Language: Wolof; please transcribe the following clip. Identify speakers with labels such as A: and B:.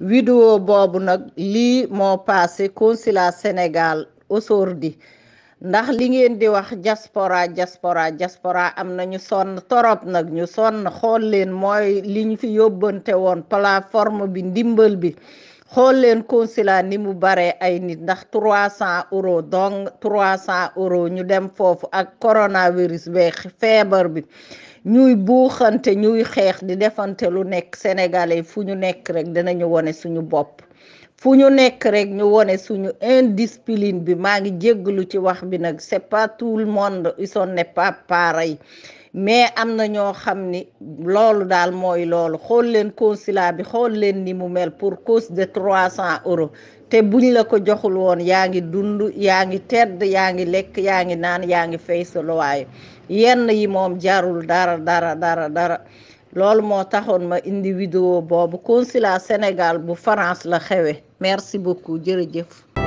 A: vidéo boobu nag lii moo passé consulat Sénégal aujourd'hui ndax li ngeen di wax jaspora jaspora jaspora am na ñu sonn torop nag ñu sonn xool leen mooy li ñu fi yóbbante woon plateforme bi ndimbal bi xool leen consulat ni mu baree ay nit ndax trois cent euros donc trois cent euro ñu dem foofu ak coronavirus be feebar bi ñuy buuxante ñuy xeex di defante lu nekk sénégalais fu ñu nekk rek dinañu wone suñu bopp fu ñu nekk rekk ñu wone suñu indiscipline bi maa ngi jéggalu ci wax bi nag c'est pas tout le monde ils sont n'est pas mais am na ñoo xam ni loolu daal mooy loolu xool leen consulat bi xool leen ni mu mel pour cause de trois cent euros te buñ la ko joxul woon yaa ngi dund yaa ngi tedd yaa ngi lekk yaa ngi naan yaa ngi fay sa yenn yi moom jarul dara dara dara dara loolu moo taxoon ma indi vidéo boobu consulat Sénégal bu France la xewe merci beaucoup jërëjëf